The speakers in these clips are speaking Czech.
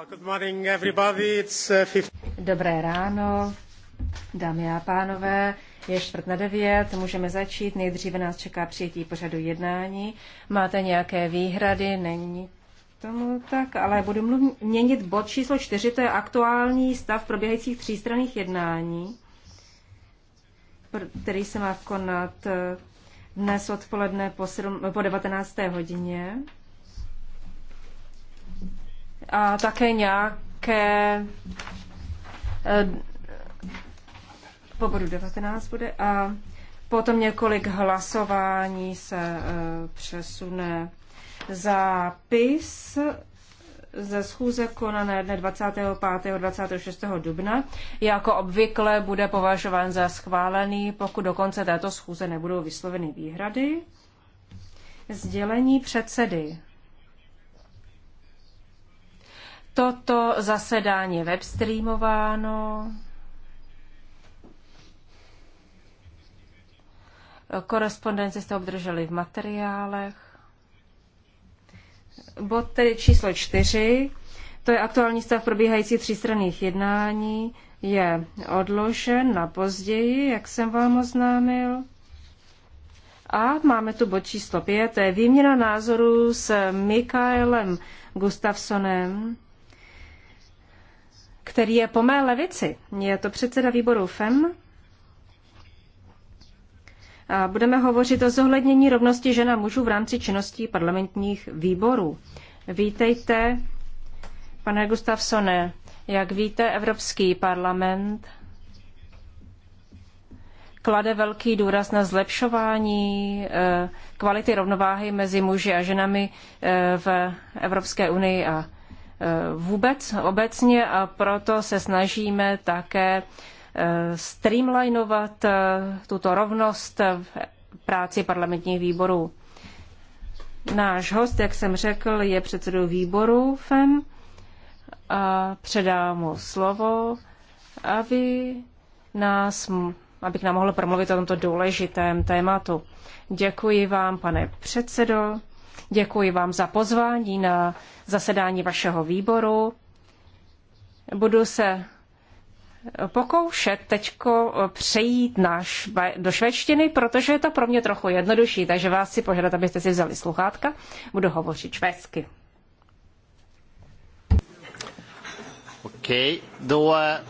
Uh, Dobré ráno, dámy a pánové. Je čtvrt na devět, můžeme začít. Nejdříve nás čeká přijetí pořadu jednání. Máte nějaké výhrady? Není tomu tak, ale budu měnit bod číslo čtyři, to je aktuální stav probíhajících třístranných jednání, který se má konat eh, dnes odpoledne po, 7, po 19. hodině a také nějaké eh, po bodu 19 bude a potom několik hlasování se eh, přesune. Zápis ze schůze konané dne 25. 26. dubna jako obvykle bude považován za schválený, pokud do konce této schůze nebudou vysloveny výhrady. Sdělení předsedy. Toto zasedání je webstreamováno. Korespondenci jste obdrželi v materiálech. Bod tedy číslo čtyři, to je aktuální stav probíhající třístranných jednání, je odložen na později, jak jsem vám oznámil. A máme tu bod číslo pět. to je výměna názorů s Mikaelem Gustafsonem, který je po mé levici. Je to předseda výboru FEM. A budeme hovořit o zohlednění rovnosti žen a mužů v rámci činností parlamentních výborů. Vítejte, pane Gustafsone. Jak víte, Evropský parlament klade velký důraz na zlepšování eh, kvality rovnováhy mezi muži a ženami eh, v Evropské unii a Eh, vůbec obecně a proto se snažíme také eh, streamlinovat eh, tuto rovnost v práci parlamentních výborů. Náš host, jak jsem řekl, je předsedou výboru FEM a předám mu slovo, aby nás, abych nám mohl promluvit o tomto důležitém tématu. Děkuji vám, pane předsedo. Děkuji vám za pozvání na zasedání vašeho výboru. Budu se pokoušet teď přejít na šve, do švédštiny, protože je to pro mě trochu jednodušší, takže vás si požádat, abyste si vzali sluchátka. Budu hovořit švédsky. Okej, okay, då eh,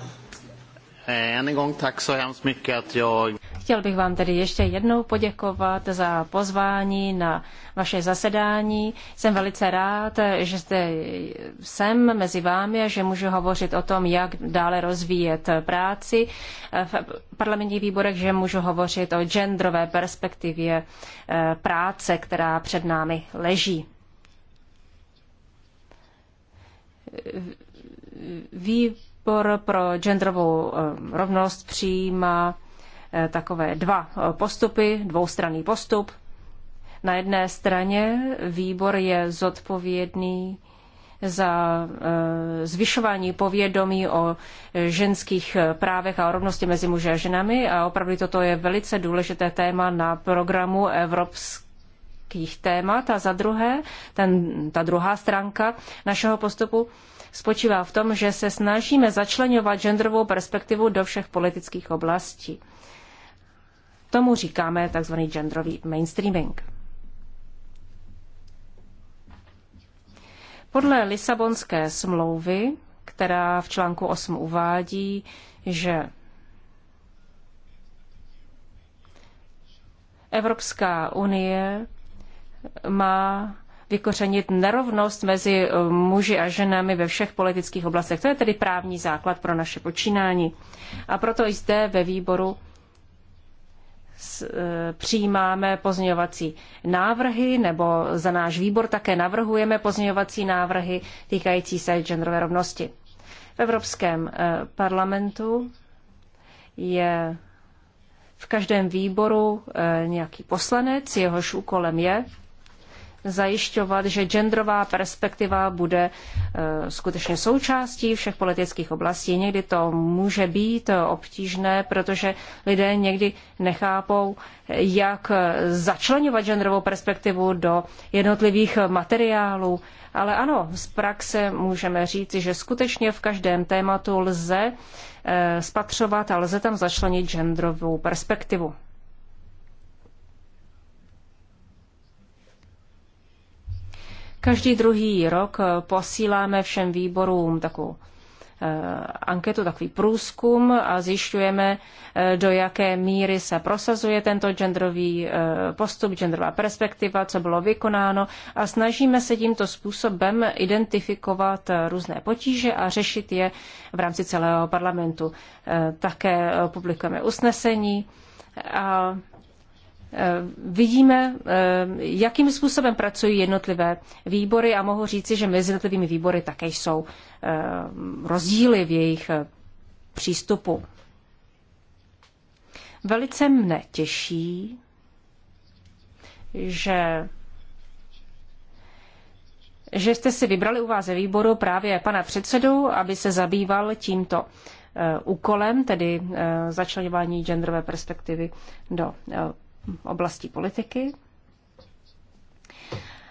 än en gång tack så hemskt mycket att jag... Chtěl bych vám tedy ještě jednou poděkovat za pozvání na vaše zasedání. Jsem velice rád, že jste jsem mezi vámi a že můžu hovořit o tom, jak dále rozvíjet práci v parlamentních výborech, že můžu hovořit o genderové perspektivě eh, práce, která před námi leží. Výbor pro genderovou eh, rovnost přijímá Eh, takové dva eh, postupy, dvoustranný postup. Na jedné straně výbor je zodpovědný za eh, zvyšování povědomí o ženských právech a o rovnosti mezi muži a ženami a opravdu toto je velice důležité téma na programu Evropské témat a za druhé, ten, ta druhá stránka našeho postupu spočívá v tom, že se snažíme začlenovat genderovou perspektivu do všech politických oblastí. Tomu říkáme tzv. genderový mainstreaming. Podle Lisabonské smlouvy, která v článku 8 uvádí, že Evropská unie má vykořenit nerovnost mezi eh, muži a ženami ve všech politických oblastech. To je tedy právní základ pro naše počínání. A proto i zde ve výboru E, přijímáme pozměňovací návrhy, nebo za náš výbor také navrhujeme pozměňovací návrhy týkající se genderové rovnosti. V Evropském e, parlamentu je v každém výboru e, nějaký poslanec, jehož úkolem je zajišťovat, že genderová perspektiva bude e, skutečně součástí všech politických oblastí. Někdy to může být obtížné, protože lidé někdy nechápou, jak začlenovat genderovou perspektivu do jednotlivých materiálů. Ale ano, z praxe můžeme říci, že skutečně v každém tématu lze e, spatřovat a lze tam začlenit genderovou perspektivu. Každý druhý rok eh, posíláme všem výborům takovou eh, anketu, takový průzkum a zjišťujeme, eh, do jaké míry se prosazuje tento genderový postup, genderová perspektiva, co bylo vykonáno a snažíme se tímto způsobem identifikovat různé potíže a řešit je v rámci celého parlamentu. Také publikujeme usnesení a Eh, vidíme, eh, jakým způsobem pracují jednotlivé výbory a mohu říci, že mezi jednotlivými výbory také jsou eh, rozdíly v jejich přístupu. Velice mne těší, že že jste si vybrali u vás ze výboru právě pana předsedu, aby se zabýval tímto úkolem, tedy začlenování genderové perspektivy do oblasti politiky.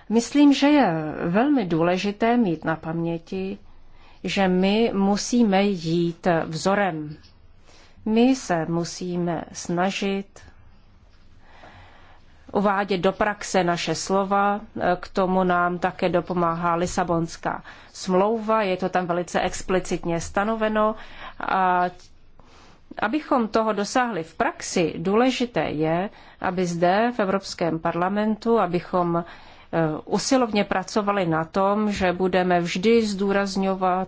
Myslím, že je velmi důležité mít na paměti, že my musíme jít vzorem. My se musíme snažit uvádět do praxe naše slova. K tomu nám také dopomáhá Lisabonská smlouva, je to tam velice explicitně stanoveno a Abychom toho dosáhli v praxi, důležité je, aby zde v Evropském parlamentu, abychom eh, usilovně pracovali na tom, že budeme vždy zdůrazňovat,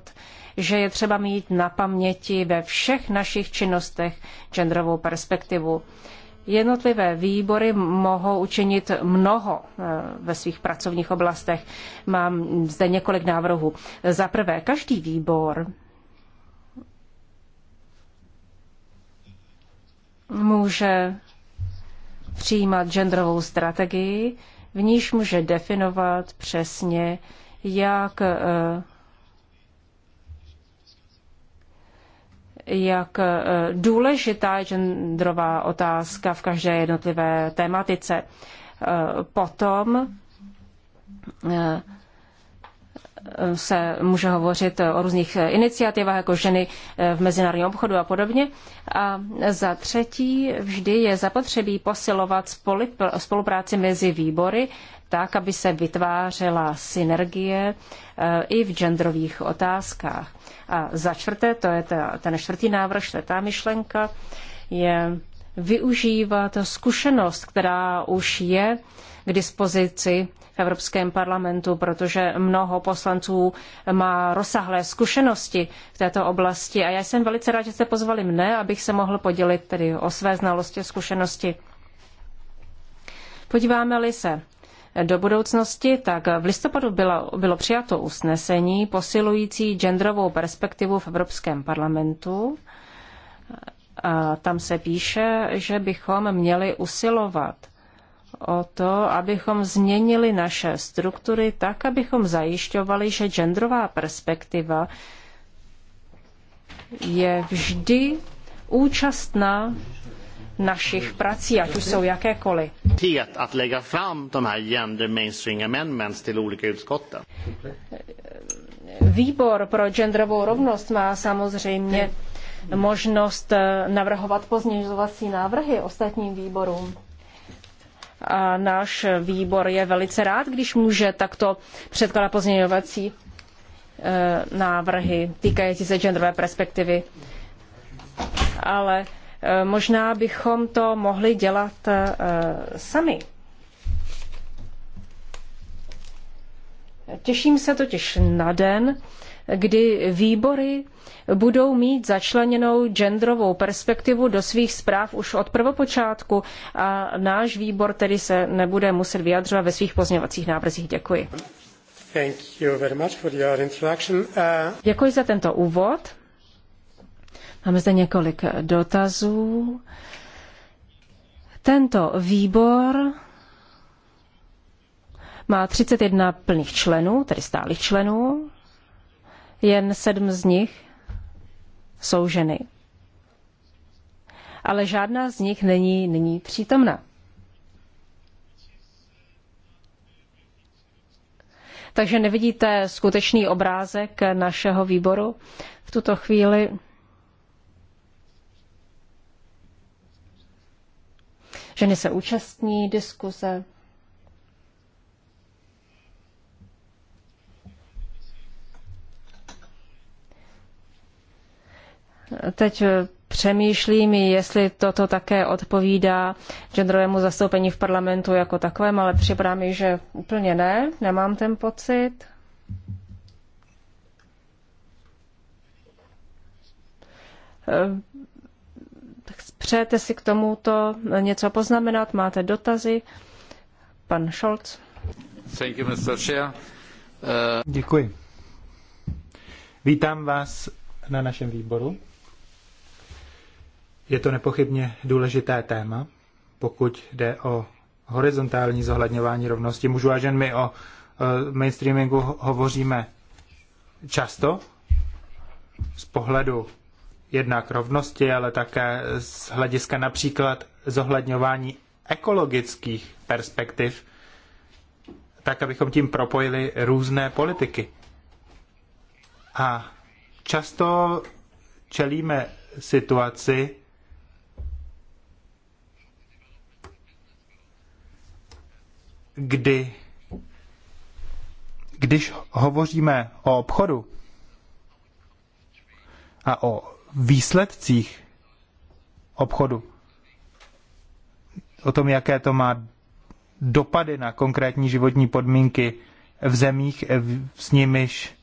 že je třeba mít na paměti ve všech našich činnostech genderovou perspektivu. Jednotlivé výbory mohou učinit mnoho eh, ve svých pracovních oblastech. Mám zde několik návrhů. Za prvé, každý výbor může přijímat genderovou strategii, v níž může definovat přesně, jak, eh, jak eh, důležitá je genderová otázka v každé jednotlivé tématice. Eh, potom se může hovořit o různých iniciativách, jako ženy eh, v mezinárodním obchodu a podobně. A za třetí, vždy je zapotřebí posilovat spolupráci mezi výbory, tak, aby se vytvářela synergie eh, i v genderových otázkách. A za čtvrté, to je ta, ten čtvrtý návrh, čtvrtá myšlenka, je využívat zkušenost, která už je k dispozici v Evropském parlamentu, protože mnoho poslanců má rozsáhlé zkušenosti v této oblasti. A já jsem velice rád, že jste pozvali mne, abych se mohl podělit tedy o své znalosti a zkušenosti. Podíváme-li se do budoucnosti, tak v listopadu bylo, bylo přijato usnesení posilující genderovou perspektivu v Evropském parlamentu a tam se píše, že bychom měli usilovat o to, abychom změnili naše struktury tak, abychom zajišťovali, že genderová perspektiva je vždy účastná našich prací, ať už jsou jakékoliv. gender Výbor pro genderovou rovnost má samozřejmě možnost eh, navrhovat pozměňovací návrhy ostatním výborům. A náš výbor je velice rád, když může takto předkládat pozměňovací eh, návrhy týkající se genderové perspektivy. Ale eh, možná bychom to mohli dělat sami. Těším se totiž na den, kdy výbory budou mít začleněnou genderovou perspektivu do svých zpráv už od prvopočátku a náš výbor tedy se nebude muset vyjadřovat ve svých pozměňovacích návrzích. Děkuji. Uh... Děkuji za tento úvod. Máme zde několik dotazů. Tento výbor má 31 plných členů, tedy stálých členů jen sedm z nich jsou ženy. Ale žádná z nich není nyní přítomna. Takže nevidíte skutečný obrázek našeho výboru v tuto chvíli. Ženy se účastní diskuze. Teď eh, přemýšlím, jestli toto také odpovídá genderovému zastoupení v parlamentu jako takovém, ale připadá mi, že úplně ne, nemám ten pocit. Eh, přejete si k tomuto něco poznamenat? Máte dotazy? Pan Scholz. Thank you, Mr. Chair. Uh... Děkuji. Vítám vás na našem výboru. Je to nepochybně důležité téma, pokud jde o horizontální zohledňování rovnosti mužů a žen. My o eh, mainstreamingu hovoříme často z pohledu jednak rovnosti, ale také z hlediska například zohledňování ekologických perspektiv, tak abychom tím propojili různé politiky. A často čelíme situaci, kdy, když hovoříme o obchodu a o výsledcích obchodu, o tom, jaké to má dopady na konkrétní životní podmínky v zemích, s nimiž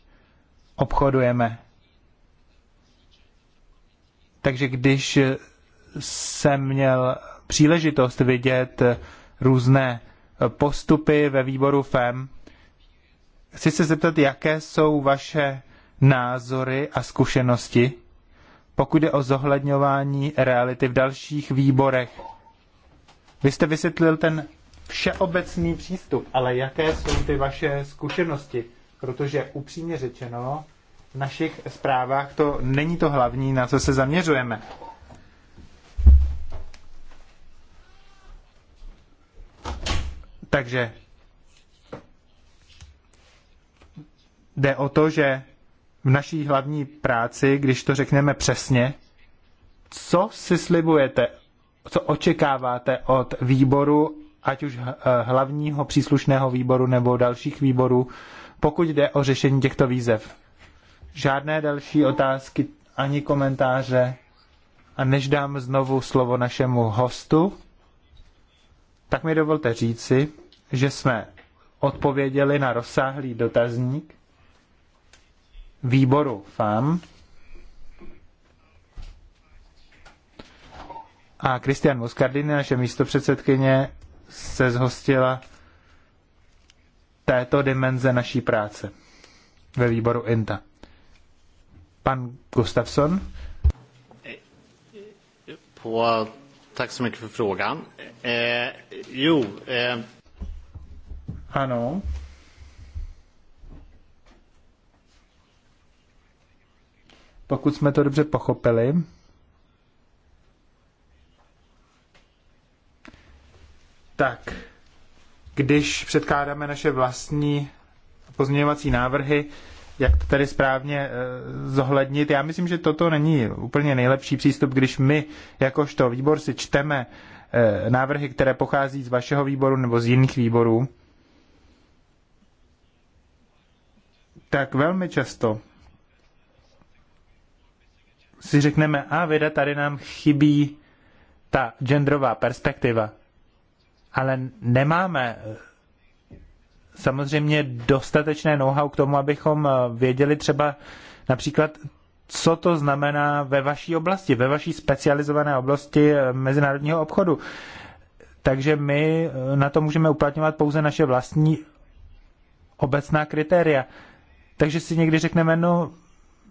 obchodujeme. Takže když jsem měl příležitost vidět různé postupy ve výboru FEM. Chci se zeptat, jaké jsou vaše názory a zkušenosti, pokud je o zohledňování reality v dalších výborech. Vy jste vysvětlil ten všeobecný přístup, ale jaké jsou ty vaše zkušenosti? Protože upřímně řečeno, v našich zprávách to není to hlavní, na co se zaměřujeme. Takže jde o to, že v naší hlavní práci, když to řekneme přesně, co si slibujete, co očekáváte od výboru, ať už eh, hlavního příslušného výboru nebo dalších výborů, pokud jde o řešení těchto výzev. Žádné další otázky ani komentáře. A než dám znovu slovo našemu hostu, tak mi dovolte říci, že jsme odpověděli na rozsáhlý dotazník výboru FAM. A Kristian Muscardini, naše místopředsedkyně, se zhostila této dimenze naší práce ve výboru INTA. Pan Gustafsson. po, tack så mycket för frågan. Eh, jo, eh... Ano. Pokud jsme to dobře pochopili, tak když předkládáme naše vlastní pozměňovací návrhy, jak to tady správně eh, zohlednit. Já myslím, že toto není úplně nejlepší přístup, když my, jakožto výbor, si čteme eh, návrhy, které pochází z vašeho výboru nebo z jiných výborů, tak velmi často si řekneme, a věda, tady nám chybí ta genderová perspektiva. Ale nemáme eh, samozřejmě dostatečné know-how k tomu, abychom eh, věděli třeba například, co to znamená ve vaší oblasti, ve vaší specializované oblasti eh, mezinárodního obchodu. Takže my na to můžeme uplatňovat pouze naše vlastní obecná kritéria. Takže si někdy řekneme, no,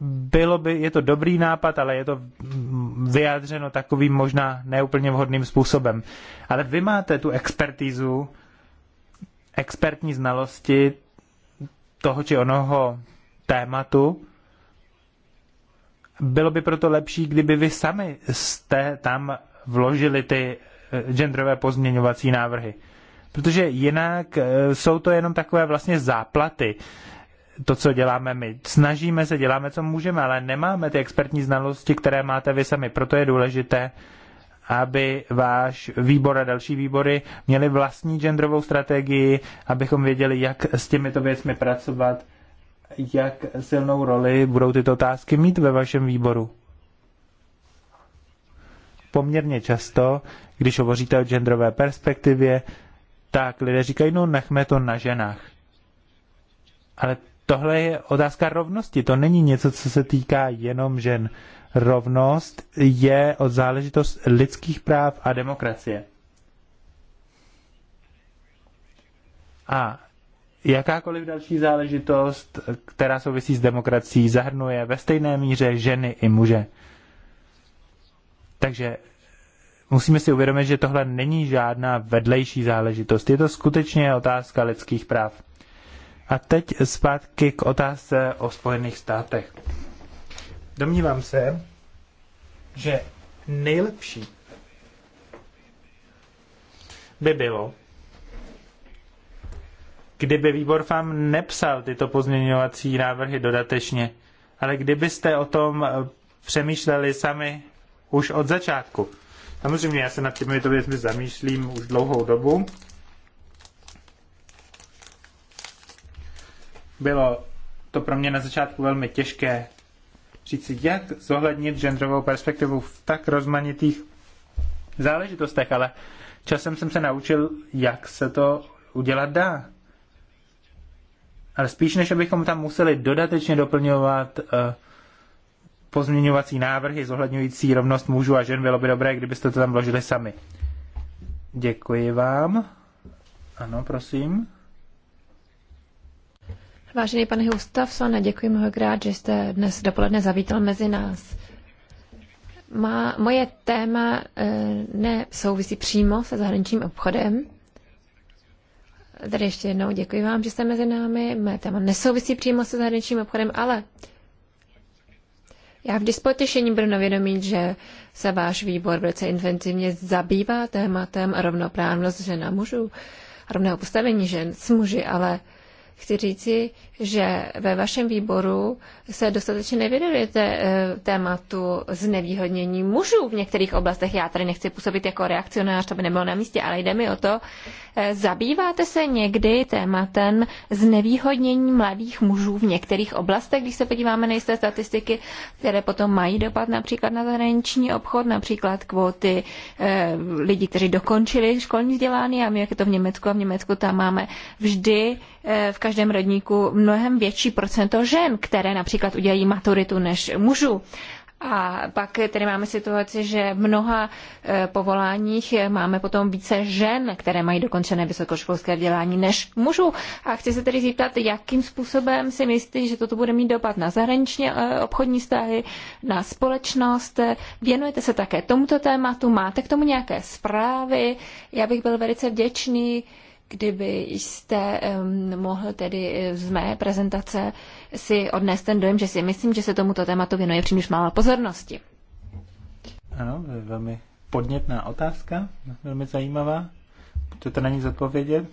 bylo by, je to dobrý nápad, ale je to vyjádřeno takovým možná neúplně vhodným způsobem. Ale vy máte tu expertízu, expertní znalosti toho či onoho tématu. Bylo by proto lepší, kdyby vy sami jste tam vložili ty eh, genderové pozměňovací návrhy. Protože jinak eh, jsou to jenom takové vlastně záplaty to, co děláme my. Snažíme se, děláme, co můžeme, ale nemáme ty expertní znalosti, které máte vy sami. Proto je důležité, aby váš výbor a další výbory měli vlastní genderovou strategii, abychom věděli, jak s těmito věcmi pracovat, jak silnou roli budou tyto otázky mít ve vašem výboru. Poměrně často, když hovoříte o genderové perspektivě, tak lidé říkají, no nechme to na ženách. Ale Tohle je otázka rovnosti, to není něco, co se týká jenom žen. Rovnost je od záležitost lidských práv a demokracie. A jakákoliv další záležitost, která souvisí s demokracií, zahrnuje ve stejné míře ženy i muže. Takže musíme si uvědomit, že tohle není žádná vedlejší záležitost. Je to skutečně otázka lidských práv. A teď zpátky k otázce o Spojených státech. Domnívám se, že nejlepší by bylo, kdyby výbor vám nepsal tyto pozměňovací návrhy dodatečně, ale kdybyste o tom přemýšleli sami už od začátku. Samozřejmě já se nad těmito věcmi zamýšlím už dlouhou dobu Bylo to pro mě na začátku velmi těžké říci, jak zohlednit genderovou perspektivu v tak rozmanitých záležitostech, ale časem jsem se naučil, jak se to udělat dá. Ale spíš než abychom tam museli dodatečně doplňovat uh, pozměňovací návrhy zohledňující rovnost mužů a žen, bylo by dobré, kdybyste to tam vložili sami. Děkuji vám. Ano, prosím. Vážený pane Gustafsone, děkuji mnohokrát, že jste dnes dopoledne zavítal mezi nás. Má, moje téma e, nesouvisí přímo se zahraničním obchodem. Tady ještě jednou děkuji vám, že jste mezi námi. Moje téma nesouvisí přímo se zahraničním obchodem, ale já vždy s potěšením budu vědomí, že se váš výbor velice intenzivně zabývá tématem rovnoprávnost žen a mužů, rovného postavení žen s muži, ale chci říci, že ve vašem výboru se dostatečně nevěnujete eh, tématu znevýhodnění mužů v některých oblastech. Já tady nechci působit jako reakcionář, to by nebylo na místě, ale jde mi o to. Eh, zabýváte se někdy tématem znevýhodnění mladých mužů v některých oblastech, když se podíváme na jisté statistiky, které potom mají dopad například na zahraniční obchod, například kvóty eh, lidí, kteří dokončili školní vzdělání a my, jak je to v Německu a v Německu tam máme vždy Eh, v každém rodníku mnohem větší procento žen, které například udělají maturitu než mužů. A pak tedy máme situaci, že v mnoha eh, povoláních máme potom více žen, které mají dokončené vysokoškolské vzdělání než mužů. A chci se tedy zeptat, jakým způsobem si myslí, že toto bude mít dopad na zahraničně eh, obchodní vztahy, na společnost. Věnujete se také tomuto tématu, máte k tomu nějaké zprávy. Já bych byl velice vděčný, kdyby jste um, mohl tedy eh, z mé prezentace si odnést ten dojem, že si myslím, že se tomuto tématu věnuje příliš málo pozornosti. Ano, to je velmi podnětná otázka, velmi zajímavá. Můžete na ní zodpovědět?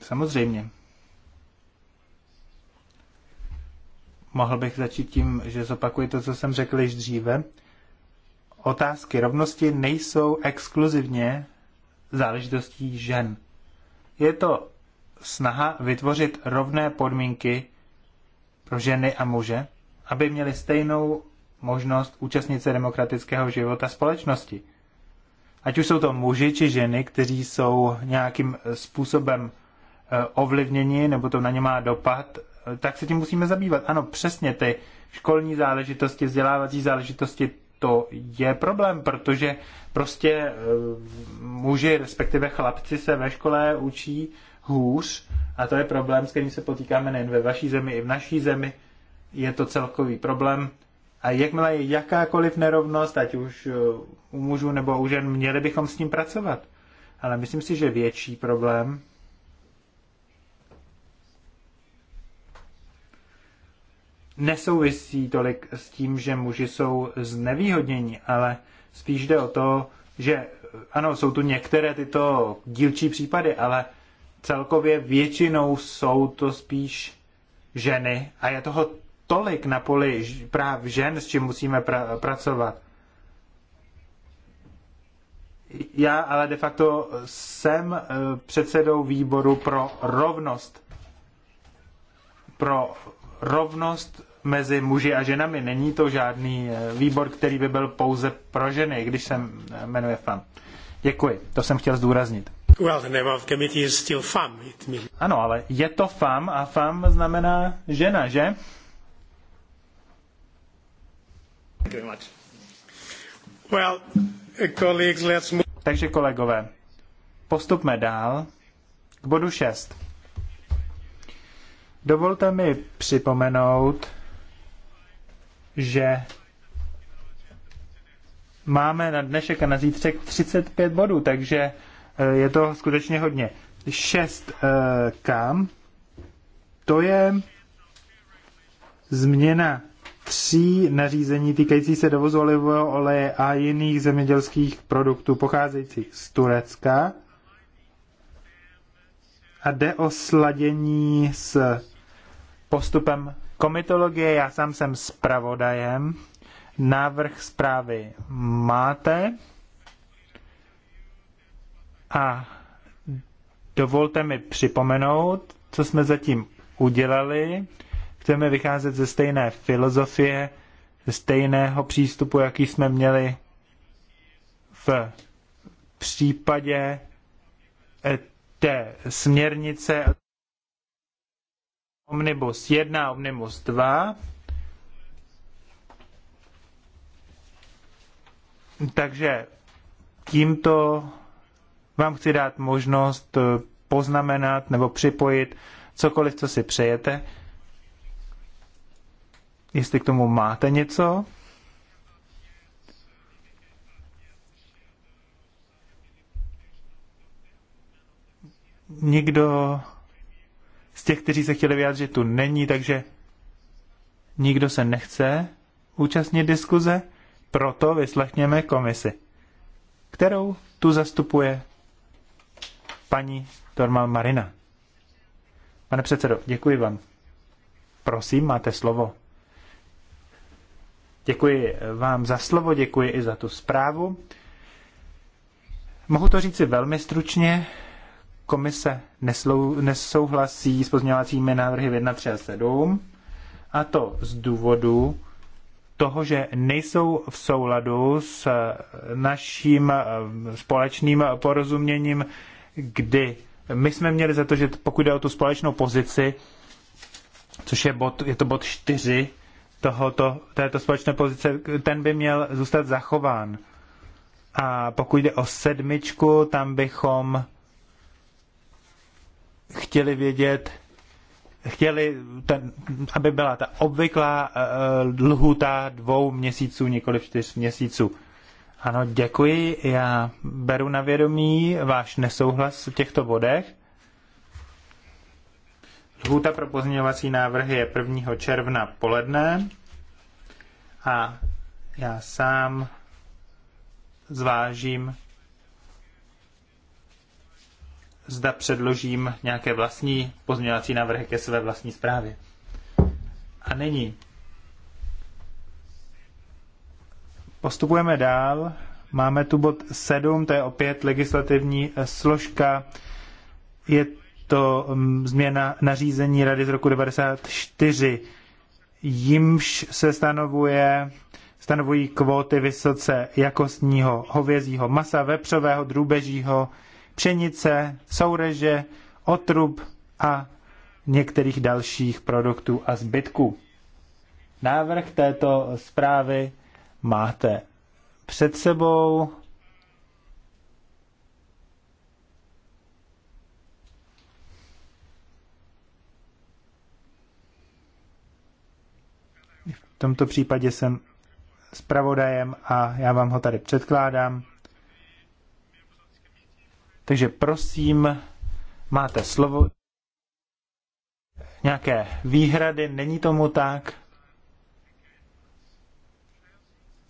Samozřejmě. Mohl bych začít tím, že zopakuji to, co jsem řekl již dříve otázky rovnosti nejsou exkluzivně záležitostí žen. Je to snaha vytvořit rovné podmínky pro ženy a muže, aby měli stejnou možnost účastnit se demokratického života společnosti. Ať už jsou to muži či ženy, kteří jsou nějakým způsobem eh, ovlivněni nebo to na ně má dopad, eh, tak se tím musíme zabývat. Ano, přesně ty školní záležitosti, vzdělávací záležitosti, to je problém, protože prostě eh, muži, respektive chlapci se ve škole učí hůř a to je problém, s kterým se potýkáme nejen ve vaší zemi, i v naší zemi. Je to celkový problém. A jakmile je jakákoliv nerovnost, ať už eh, u mužů nebo u žen, měli bychom s ním pracovat. Ale myslím si, že větší problém nesouvisí tolik s tím, že muži jsou znevýhodněni, ale spíš jde o to, že ano, jsou tu některé tyto dílčí případy, ale celkově většinou jsou to spíš ženy a je toho tolik na poli práv žen, s čím musíme pra- pracovat. Já ale de facto jsem eh, předsedou výboru pro rovnost. Pro rovnost mezi muži a ženami. Není to žádný eh, výbor, který by byl pouze pro ženy, když se eh, jmenuje FAM. Děkuji, to jsem chtěl zdůraznit. Well, the name of committee is still FAM. It means... Ano, ale je to FAM a FAM znamená žena, že? Well, eh, colleagues, let's move... Takže kolegové, postupme dál k bodu 6. Dovolte mi připomenout, že máme na dnešek a na zítřek 35 bodů, takže eh, je to skutečně hodně. 6 eh, kam, to je změna tří nařízení týkající se dovozu olivového oleje a jiných zemědělských produktů pocházejících z Turecka. A jde o sladění s postupem Komitologie, já sám jsem zpravodajem. Návrh zprávy máte. A dovolte mi připomenout, co jsme zatím udělali. Chceme vycházet ze stejné filozofie, ze stejného přístupu, jaký jsme měli v případě té směrnice Omnibus 1, Omnibus 2. Takže tímto vám chci dát možnost eh, poznamenat nebo připojit cokoliv, co si přejete. Jestli k tomu máte něco. Nikdo těch, kteří se chtěli vyjádřit, tu není, takže nikdo se nechce účastnit diskuze, proto vyslechněme komisi, kterou tu zastupuje paní Tormal Marina. Pane předsedo, děkuji vám. Prosím, máte slovo. Děkuji vám za slovo, děkuji i za tu zprávu. Mohu to říci velmi stručně komise neslou, nesouhlasí s pozměňovacími návrhy 1, 3 a 7, a to z důvodu toho, že nejsou v souladu s eh, naším eh, společným porozuměním, kdy my jsme měli za to, že pokud jde o tu společnou pozici, což je, bod, je to bod 4 tohoto, této společné pozice, ten by měl zůstat zachován. A pokud jde o sedmičku, tam bychom chtěli vědět, chtěli, ten, aby byla ta obvyklá uh, eh, eh, lhuta dvou měsíců, nikoli čtyř měsíců. Ano, děkuji. Já beru na vědomí váš nesouhlas v těchto bodech. Lhuta pro pozměňovací návrhy je 1. června poledne a já sám zvážím zda předložím nějaké vlastní pozměňovací návrhy ke své vlastní zprávě. A není. Postupujeme dál. Máme tu bod 7, to je opět legislativní eh, složka. Je to mm, změna nařízení Rady z roku 94, jimž se stanovuje stanovují kvóty vysoce jakostního hovězího masa, vepřového, drůbežího, pšenice, soureže, otrub a některých dalších produktů a zbytků. Návrh této zprávy máte před sebou. V tomto případě jsem zpravodajem a já vám ho tady předkládám. Takže prosím, máte slovo. Nějaké výhrady, není tomu tak?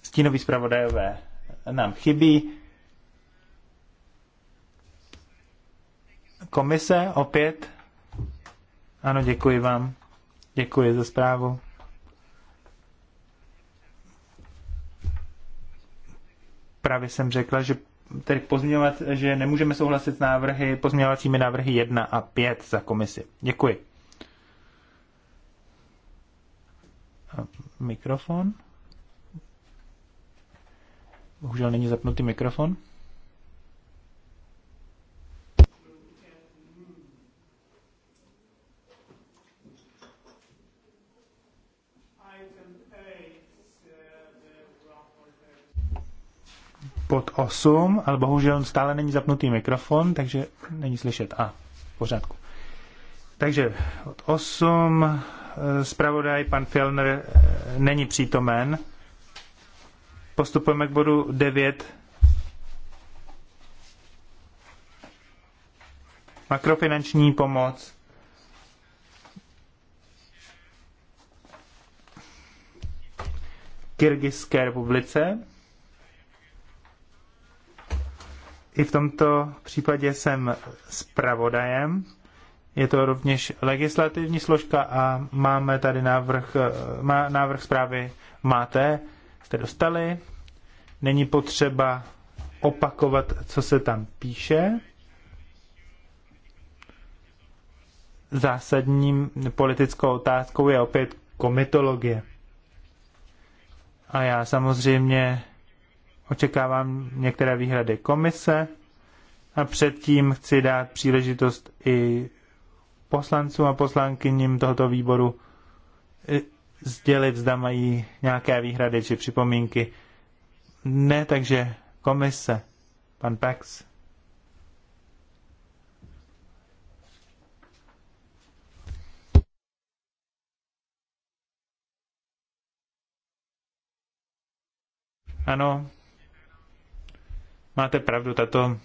Stínový zpravodajové nám chybí. Komise opět. Ano, děkuji vám. Děkuji za zprávu. Právě jsem řekla, že tedy pozměňovat, že nemůžeme souhlasit s návrhy, pozměňovacími návrhy 1 a 5 za komisi. Děkuji. mikrofon. Bohužel není zapnutý mikrofon. 8, ale bohužel stále není zapnutý mikrofon, takže není slyšet. A, v pořádku. Takže od 8 eh, zpravodaj pan Fjellner eh, není přítomen. Postupujeme k bodu 9. Makrofinanční pomoc. Kyrgyzské republice. I v tomto případě jsem zpravodajem. Je to rovněž legislativní složka a máme tady návrh, eh, má, návrh zprávy máte, jste dostali. Není potřeba opakovat, co se tam píše. Zásadním politickou otázkou je opět komitologie. A já samozřejmě očekávám některé výhrady komise a předtím chci dát příležitost i poslancům a poslankyním tohoto výboru eh, sdělit, zda mají nějaké výhrady či připomínky. Ne, takže komise. Pan Pax. Ano, Máte pravdu, tato,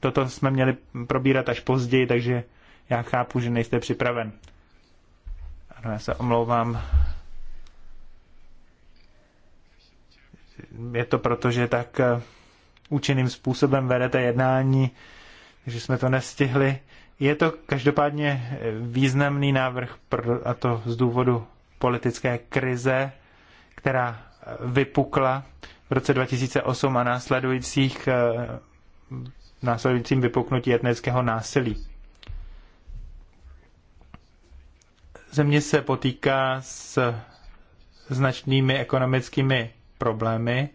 toto jsme měli probírat až později, takže já chápu, že nejste připraven. Ano, já se omlouvám. Je to proto, že tak eh, účinným způsobem vedete jednání, že jsme to nestihli. Je to každopádně eh, významný návrh, a to z důvodu politické krize, která eh, vypukla v roce 2008 a následujících, eh, následujícím vypuknutí etnického násilí. Země se potýká s značnými ekonomickými problémy,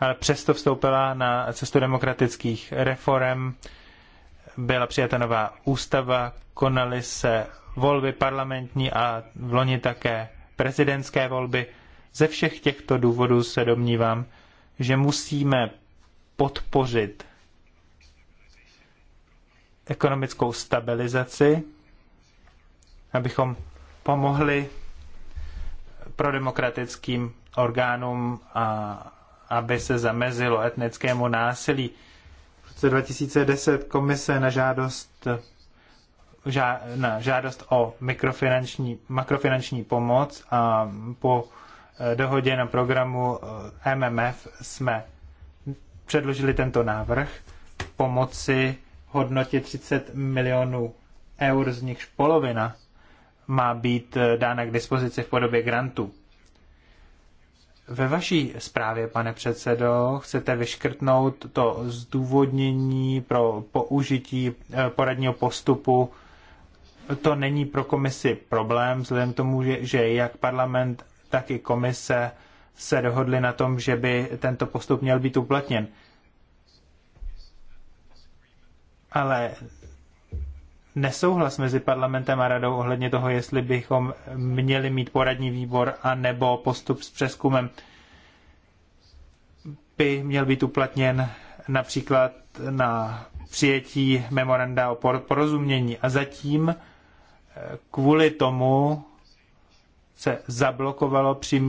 ale přesto vstoupila na cestu demokratických reform, byla přijata nová ústava, konaly se volby parlamentní a v loni také prezidentské volby. Ze všech těchto důvodů se domnívám, že musíme podpořit ekonomickou stabilizaci, abychom pomohli prodemokratickým orgánům, a aby se zamezilo etnickému násilí. V roce 2010 komise na žádost, žá, na žádost o mikrofinanční, makrofinanční pomoc a po dohodě na programu eh, MMF jsme předložili tento návrh pomoci hodnotě 30 milionů eur, z nichž polovina má být eh, dána k dispozici v podobě grantu. Ve vaší zprávě, pane předsedo, chcete vyškrtnout to zdůvodnění pro použití eh, poradního postupu. To není pro komisi problém, vzhledem k tomu, že, že jak parlament, tak i komise se dohodly na tom, že by tento postup měl být uplatněn. Ale nesouhlas mezi parlamentem a radou ohledně toho, jestli bychom měli mít poradní výbor a nebo postup s přeskumem by měl být uplatněn například na přijetí memoranda o porozumění. A zatím eh, kvůli tomu se zablokovalo při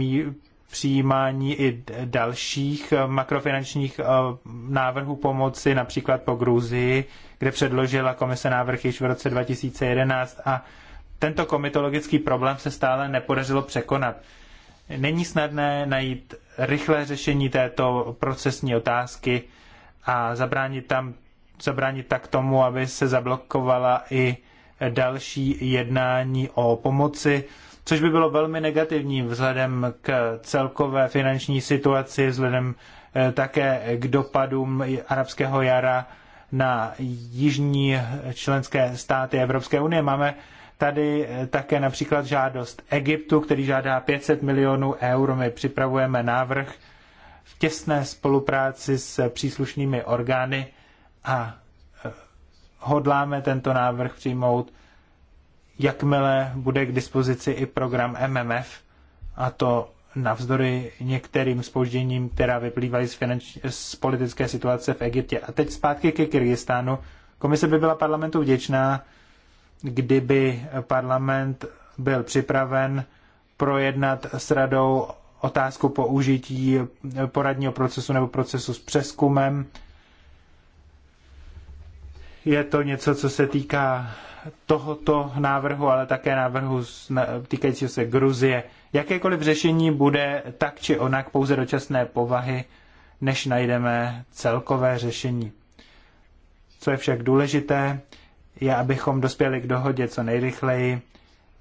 přijímání i dalších eh, makrofinančních eh, návrhů pomoci, například po Gruzii, kde předložila komise návrh již v roce 2011 a tento komitologický problém se stále nepodařilo překonat. Není snadné najít rychlé řešení této procesní otázky a zabránit, tam, zabránit tak tomu, aby se zablokovala i další jednání o pomoci což by bylo velmi negativní vzhledem k celkové finanční situaci, vzhledem eh, také k dopadům arabského jara na jižní členské státy Evropské unie. Máme tady eh, také například žádost Egyptu, který žádá 500 milionů eur. My připravujeme návrh v těsné spolupráci s příslušnými orgány a eh, hodláme tento návrh přijmout jakmile bude k dispozici i program MMF, a to navzdory některým spožděním, která vyplývají z, finanč... z politické situace v Egyptě. A teď zpátky ke Kyrgyzstánu. Komise by byla parlamentu vděčná, kdyby parlament byl připraven projednat s radou otázku použití poradního procesu nebo procesu s přeskumem je to něco, co se týká tohoto návrhu, ale také návrhu týkajícího se Gruzie. Jakékoliv řešení bude tak či onak pouze dočasné povahy, než najdeme celkové řešení. Co je však důležité, je, abychom dospěli k dohodě co nejrychleji,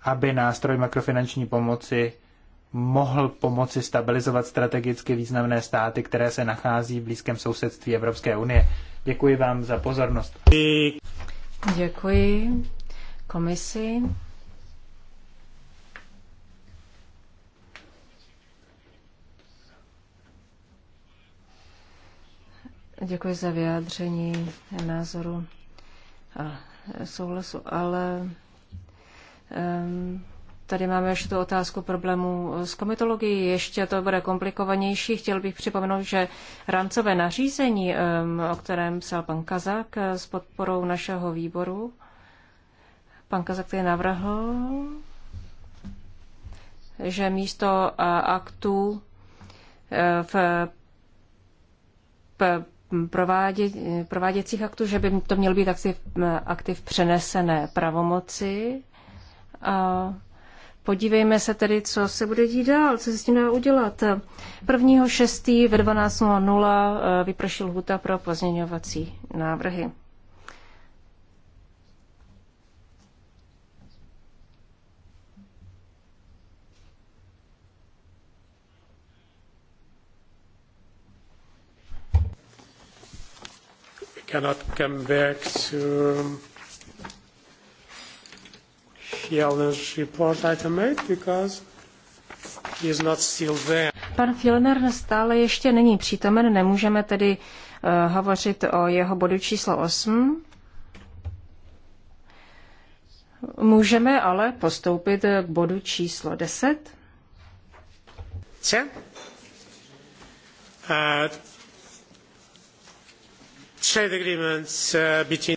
aby nástroj makrofinanční pomoci mohl pomoci stabilizovat strategicky významné státy, které se nachází v blízkém sousedství Evropské unie. Děkuji vám za pozornost. Děkuji komisi. Děkuji za vyjádření názoru a souhlasu, ale um, Tady máme ještě tu otázku problémů eh, s komitologií. Ještě to bude komplikovanější. Chtěl bych připomenout, že rámcové nařízení, o kterém psal pan Kazak eh, s podporou našeho výboru, pan Kazak tady navrhl, že místo eh, aktů v provádě, prováděcích aktů, že by to měl být aktiv, aktiv přenesené pravomoci. A Podívejme se tedy, co se bude dít dál, co se s tím dá udělat. 1.6. ve 12.00 vypršil huta pro pozměňovací návrhy. cannot come back to Fjellner's report item 8 because he is not still there. Pan Fjellner stále ještě není přítomen, nemůžeme tedy uh, hovořit o jeho bodu číslo 8. Můžeme ale postoupit k bodu číslo 10. Co? Uh, trade agreements uh, between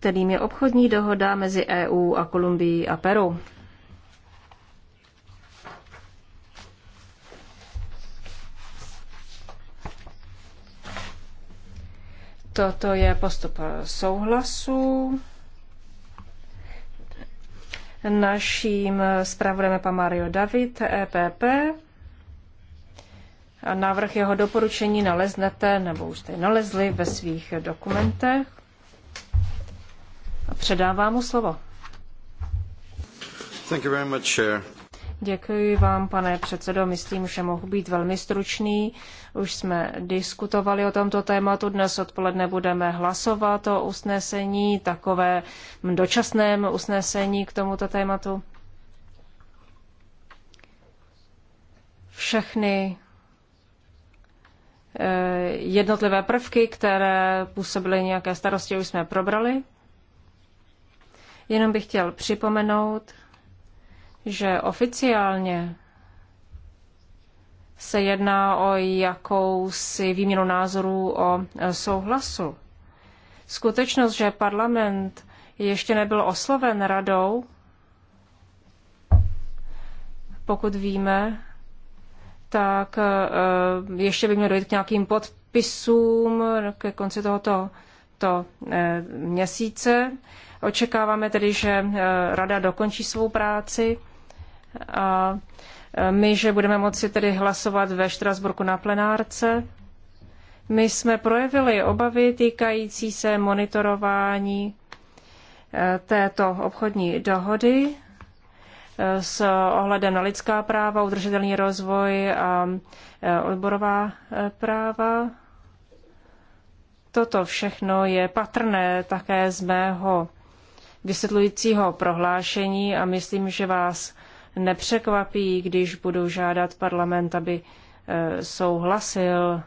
kterým je obchodní dohoda mezi EU a Kolumbií a Peru. Toto je postup souhlasu. Naším zpravodem je pan Mario David, EPP. A návrh jeho doporučení naleznete, nebo už jste nalezli ve svých dokumentech předávám mu slovo. Thank you very much, Chair. Děkuji vám, pane předsedo. Myslím, že mohu být velmi stručný. Už jsme diskutovali o tomto tématu. Dnes odpoledne budeme hlasovat o usnesení, takové dočasném usnesení k tomuto tématu. Všechny eh, jednotlivé prvky, které působily nějaké starosti, už jsme probrali. Jenom bych chtěl připomenout, že oficiálně se jedná o jakousi výměnu názorů o e, souhlasu. Skutečnost, že parlament ještě nebyl osloven radou, pokud víme, tak e, ještě by mělo dojít k nějakým podpisům ke konci tohoto to e, měsíce. Očekáváme tedy, že eh, rada dokončí svou práci a eh, my, že budeme moci tedy hlasovat ve Štrasburku na plenárce. My jsme projevili obavy týkající se monitorování eh, této obchodní dohody s ohledem na lidská práva, udržitelný rozvoj a odborová práva. Toto všechno je patrné také z mého vysvětlujícího prohlášení a myslím, že vás nepřekvapí, když budu žádat parlament, aby e, souhlasil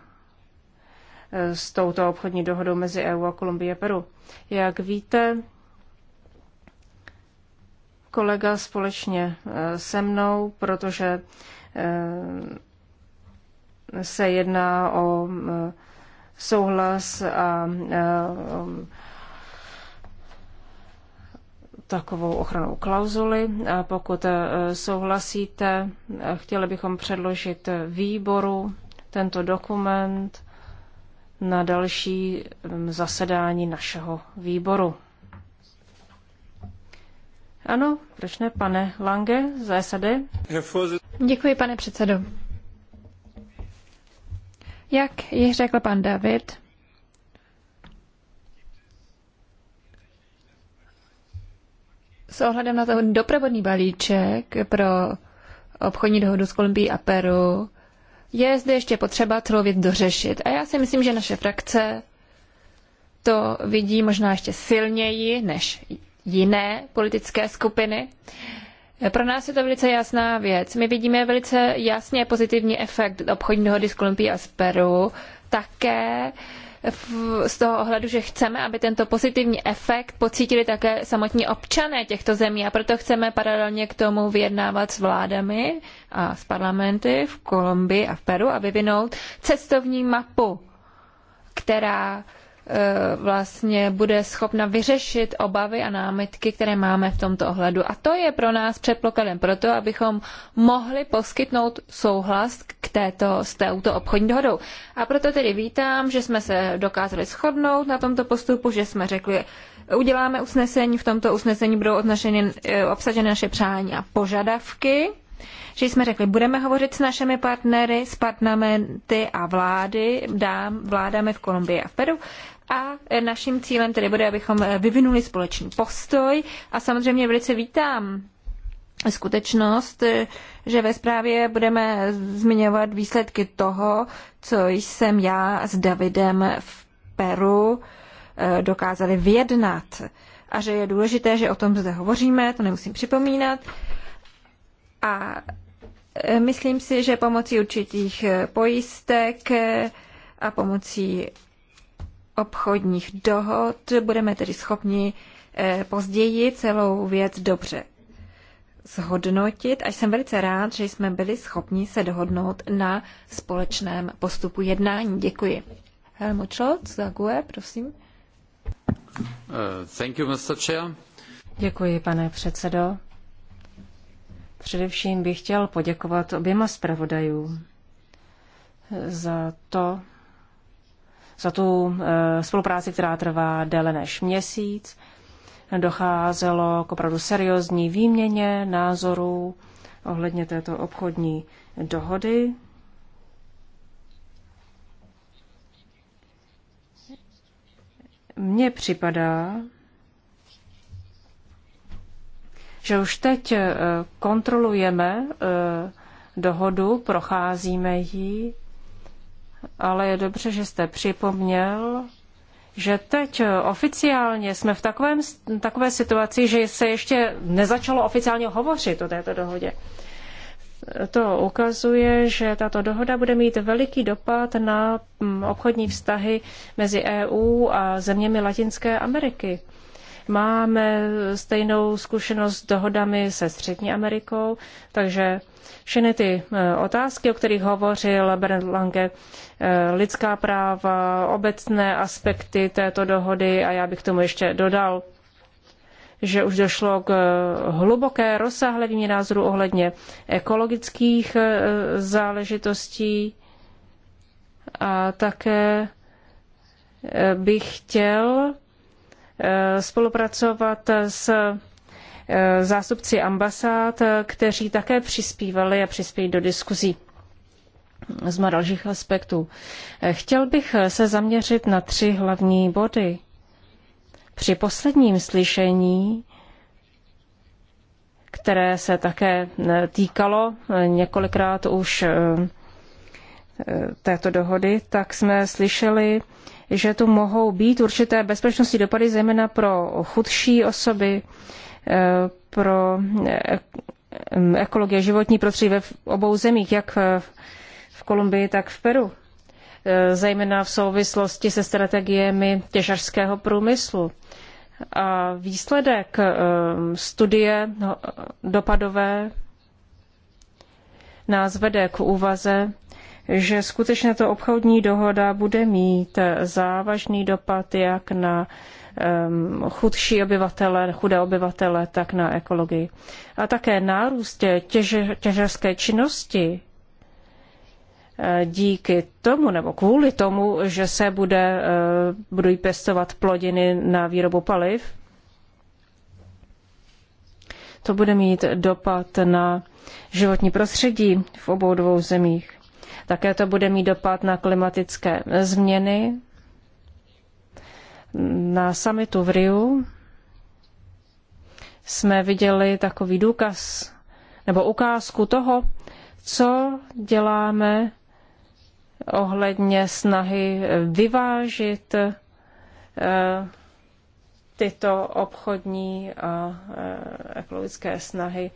e, s touto obchodní dohodou mezi EU a Kolumbie Peru. Jak víte, kolega společně e, se mnou, protože se jedná o souhlas a takovou ochranou klauzuli. A pokud e, souhlasíte, chtěli bychom předložit výboru tento dokument na další mm, zasedání našeho výboru. Ano, proč ne, pane Lange z SAD? Děkuji, pane předsedo. Jak již řekl pan David, s ohledem na ten doprovodný balíček pro obchodní dohodu s Kolumbií a Peru je zde ještě potřeba celou věc dořešit. A já si myslím, že naše frakce to vidí možná ještě silněji než jiné politické skupiny. Pro nás je to velice jasná věc. My vidíme velice jasně pozitivní efekt obchodní dohody s Kolumbií a s Peru. Také z toho ohledu, že chceme, aby tento pozitivní efekt pocítili také samotní občané těchto zemí a proto chceme paralelně k tomu vyjednávat s vládami a s parlamenty v Kolumbii a v Peru a vyvinout cestovní mapu, která E, vlastně bude schopna vyřešit obavy a námitky, které máme v tomto ohledu. A to je pro nás předpokladem pro to, abychom mohli poskytnout souhlas k této, s touto obchodní dohodou. A proto tedy vítám, že jsme se dokázali shodnout na tomto postupu, že jsme řekli, uděláme usnesení, v tomto usnesení budou odnašeny, e, obsaženy naše přání a požadavky, že jsme řekli, budeme hovořit s našimi partnery, s parlamenty a vlády, dám, vládami v Kolumbii a v Peru, a naším cílem tedy bude, abychom vyvinuli společný postoj a samozřejmě velice vítám skutečnost, že ve zprávě budeme zmiňovat výsledky toho, co jsem já s Davidem v Peru eh, dokázali vyjednat. A že je důležité, že o tom zde hovoříme, to nemusím připomínat. A eh, myslím si, že pomocí určitých eh, pojistek a pomocí obchodních dohod. Budeme tedy schopni eh, později celou věc dobře zhodnotit a jsem velice rád, že jsme byli schopni se dohodnout na společném postupu jednání. Děkuji. Helmut Scholz, Zague, prosím. Eh, thank you, Mr. Chair. Děkuji, pane předsedo. Především bych chtěl poděkovat oběma zpravodajům za to, za tu eh, spolupráci, která trvá déle než měsíc. Docházelo k opravdu seriózní výměně názorů ohledně této obchodní dohody. Mně připadá, že už teď eh, kontrolujeme eh, dohodu, procházíme ji ale je dobře, že jste připomněl, že teď oficiálně jsme v takovém, takové situaci, že se ještě nezačalo oficiálně hovořit o této dohodě. To ukazuje, že tato dohoda bude mít veliký dopad na mm, obchodní vztahy mezi EU a zeměmi Latinské Ameriky. Máme stejnou zkušenost s dohodami se Střední Amerikou, takže všechny ty eh, otázky, o kterých hovořil Bernd Lange, eh, lidská práva, obecné aspekty této dohody a já bych tomu ještě dodal, že už došlo k eh, hluboké rozsáhlé výměně názoru ohledně ekologických záležitostí a také bych chtěl spolupracovat s eh, zástupci ambasád, kteří také přispívali a přispějí do diskuzí z mnoha dalších aspektů. Eh, chtěl bych se zaměřit na tři hlavní body. Při posledním slyšení, které se také eh, týkalo několikrát už této dohody, tak jsme slyšeli, že tu mohou být určité bezpečnostní dopady, zejména pro chudší osoby, eh, pro eh, ekologie, životní prostředí ve obou zemích, jak v Kolumbii, tak v Peru eh, zejména v souvislosti se strategiemi těžařského průmyslu. A výsledek studie no, dopadové nás vede k úvaze, že skutečně to obchodní dohoda bude mít závažný dopad jak na um, chudší obyvatele, chudé obyvatele, tak na ekologii. A také nárůst těže, těžerské činnosti eh, díky tomu nebo kvůli tomu, že se bude, eh, budou pěstovat plodiny na výrobu paliv, to bude mít dopad na životní prostředí v obou dvou zemích. Také to bude mít dopad na klimatické změny. Na samitu v Riu jsme viděli takový důkaz nebo ukázku toho, co děláme ohledně snahy vyvážit eh, tyto obchodní a eh, ekologické snahy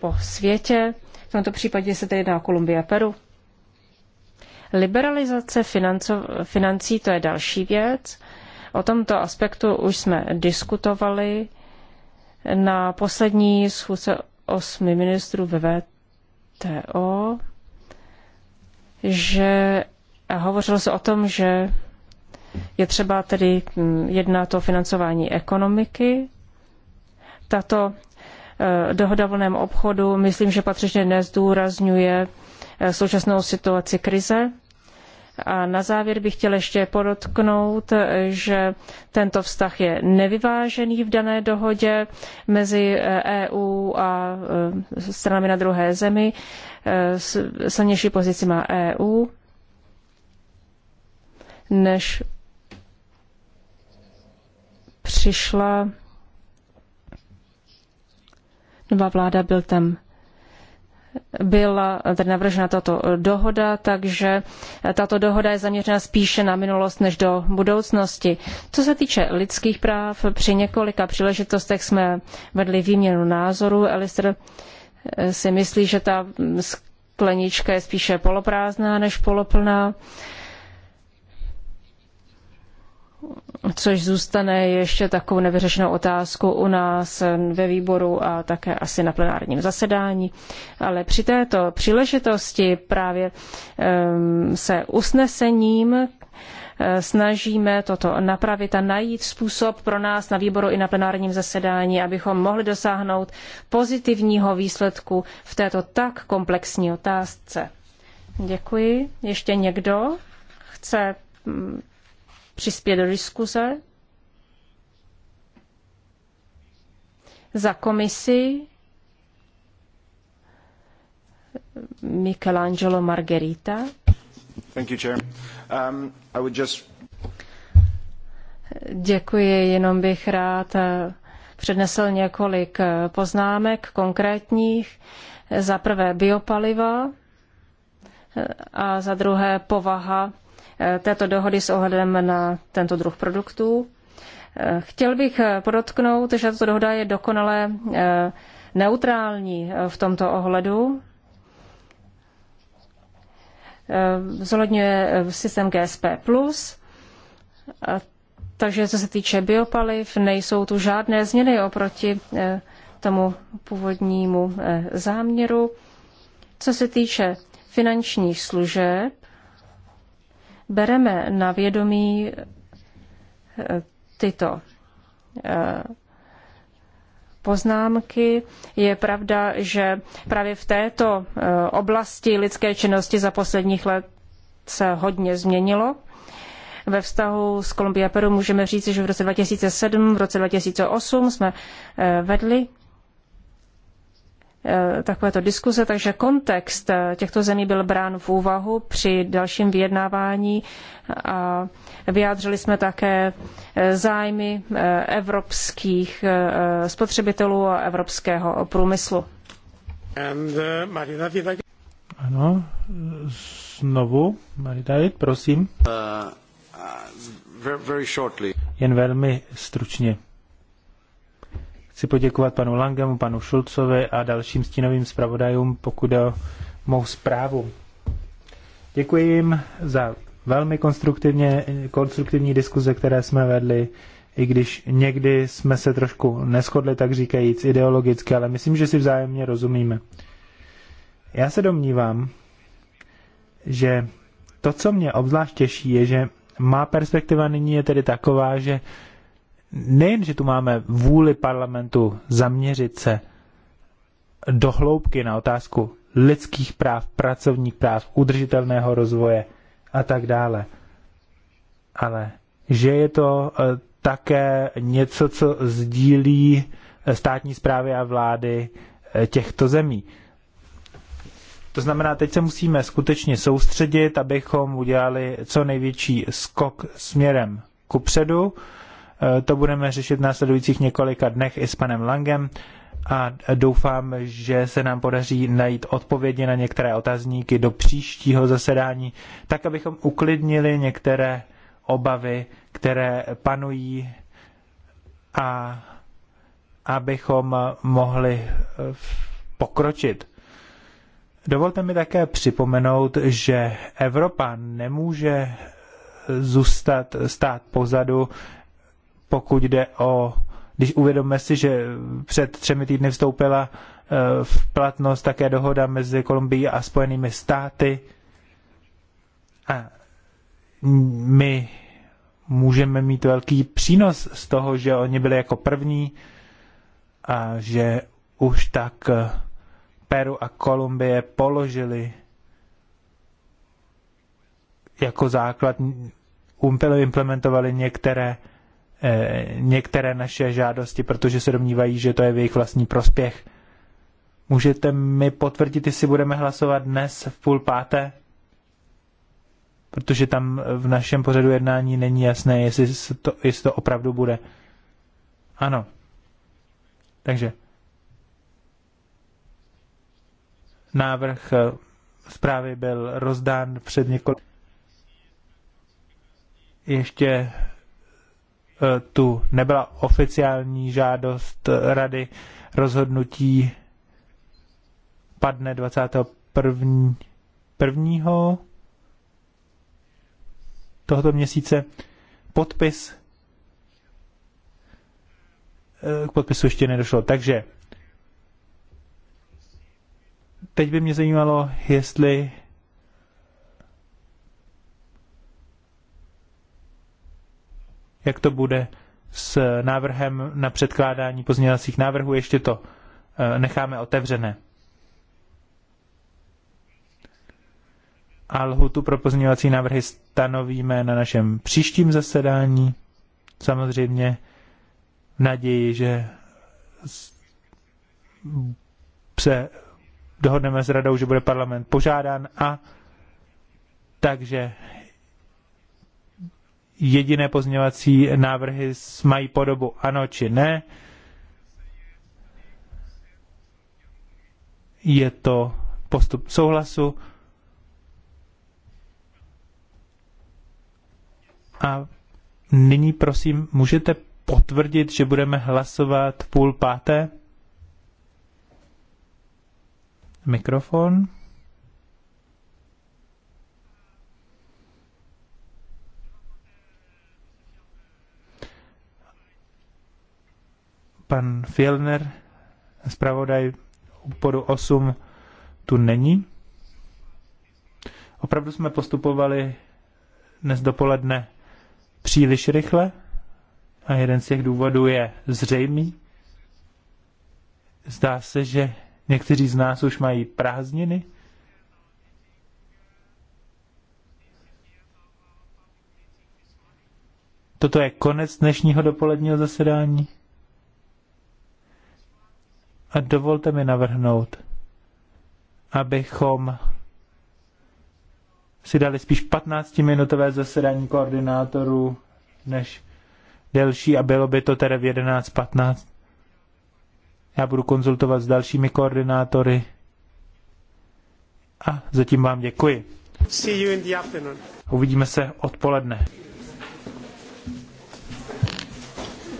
po světě. V tomto případě se tedy jedná o Kolumbii a Peru. Liberalizace financo- financí to je další věc. O tomto aspektu už jsme diskutovali na poslední schůzce osmi ministrů ve VTO, že a hovořilo se o tom, že je třeba tedy hm, jedná to financování ekonomiky. Tato eh, dohoda volném obchodu, myslím, že patřičně nezdůrazňuje eh, současnou situaci krize a na závěr bych chtěla ještě podotknout, že tento vztah je nevyvážený v dané dohodě mezi EU eh, e a eh, stranami na druhé zemi. Eh, silnější pozici má EU než přišla nová vláda, byl tam byla tedy navržena tato dohoda, takže tato dohoda je zaměřena spíše na minulost než do budoucnosti. Co se týče lidských práv, při několika příležitostech jsme vedli výměnu názorů. Elister si myslí, že ta sklenička je spíše poloprázdná než poloplná což zůstane ještě takovou nevyřešenou otázkou u nás ve výboru a také asi na plenárním zasedání. Ale při této příležitosti právě ehm, se usnesením eh, snažíme toto napravit a najít způsob pro nás na výboru i na plenárním zasedání, abychom mohli dosáhnout pozitivního výsledku v této tak komplexní otázce. Děkuji. Ještě někdo chce mm, přispět do diskuze za komisi Michelangelo Margherita. Thank you, Chair. Um, I would just... Děkuji, jenom bych rád eh, přednesl několik eh, poznámek konkrétních. Za prvé biopaliva eh, a za druhé povaha této dohody s ohledem na tento druh produktů. Chtěl bych podotknout, že tato dohoda je dokonale eh, neutrální eh, v tomto ohledu. Eh, zohledňuje systém GSP+, takže co se týče biopaliv, nejsou tu žádné změny oproti tomu původnímu záměru. Co se týče finančních služeb, bereme na vědomí eh, tyto eh, poznámky. Je pravda, že právě v této eh, oblasti lidské činnosti za posledních let se hodně změnilo. Ve vztahu s Kolumbia Peru můžeme říct, že v roce 2007, v roce 2008 jsme vedli Eh, takovéto diskuze, takže kontext eh, těchto zemí byl brán v úvahu při dalším vyjednávání a vyjádřili jsme také eh, zájmy evropských spotřebitelů a evropského průmyslu. And, uh, Marina, ano, znovu, Maridavit, prosím. Uh, uh, very, very Jen velmi stručně. Chci poděkovat panu Langemu, panu Šulcovi a dalším stínovým zpravodajům, pokud o mou zprávu. Děkuji jim za velmi konstruktivně, konstruktivní diskuze, které jsme vedli, i když někdy jsme se trošku neschodli, tak říkajíc, ideologicky, ale myslím, že si vzájemně rozumíme. Já se domnívám, že to, co mě obzvlášť těší, je, že má perspektiva nyní je tedy taková, že nejen, že tu máme vůli parlamentu zaměřit se do hloubky na otázku lidských práv, pracovních práv, udržitelného rozvoje a tak dále, ale že je to eh, také něco, co sdílí eh, státní zprávy a vlády eh, těchto zemí. To znamená, teď se musíme skutečně soustředit, abychom udělali co největší skok směrem předu. Eh, to budeme řešit v následujících několika dnech i s panem Langem a doufám, že se nám podaří najít odpovědi na některé otazníky do příštího zasedání, tak abychom uklidnili některé obavy, které panují a abychom mohli eh, pokročit. Dovolte mi také připomenout, že Evropa nemůže eh, zůstat stát pozadu pokud jde o, když uvědomíme si, že před třemi týdny vstoupila eh, v platnost také dohoda mezi Kolumbií a Spojenými státy. A my můžeme mít velký přínos z toho, že oni byli jako první a že už tak eh, Peru a Kolumbie položili jako základ, implementovali některé Eh, některé naše žádosti, protože se domnívají, že to je v jejich vlastní prospěch. Můžete mi potvrdit, jestli budeme hlasovat dnes v půl páté? Protože tam v našem pořadu jednání není jasné, jestli to, jestli to opravdu bude. Ano. Takže návrh eh, zprávy byl rozdán před několik... Ještě tu nebyla oficiální žádost rady. Rozhodnutí padne 21. Prvního tohoto měsíce. Podpis eh, k podpisu ještě nedošlo. Takže teď by mě zajímalo, jestli jak to bude s návrhem na předkládání pozměňovacích návrhů, ještě to eh, necháme otevřené. A lhutu pro pozměňovací návrhy stanovíme na našem příštím zasedání. Samozřejmě v naději, že se dohodneme s radou, že bude parlament požádán a takže jediné pozměňovací návrhy mají podobu ano či ne. Je to postup souhlasu. A nyní prosím, můžete potvrdit, že budeme hlasovat půl páté? Mikrofon. Pan Fielner, zpravodaj bodu 8, tu není. Opravdu jsme postupovali dnes dopoledne příliš rychle a jeden z těch důvodů je zřejmý. Zdá se, že někteří z nás už mají prázdniny. Toto je konec dnešního dopoledního zasedání. A dovolte mi navrhnout, abychom si dali spíš 15-minutové zasedání koordinátorů než delší a bylo by to tedy v 11.15. Já budu konzultovat s dalšími koordinátory a zatím vám děkuji. Uvidíme se odpoledne.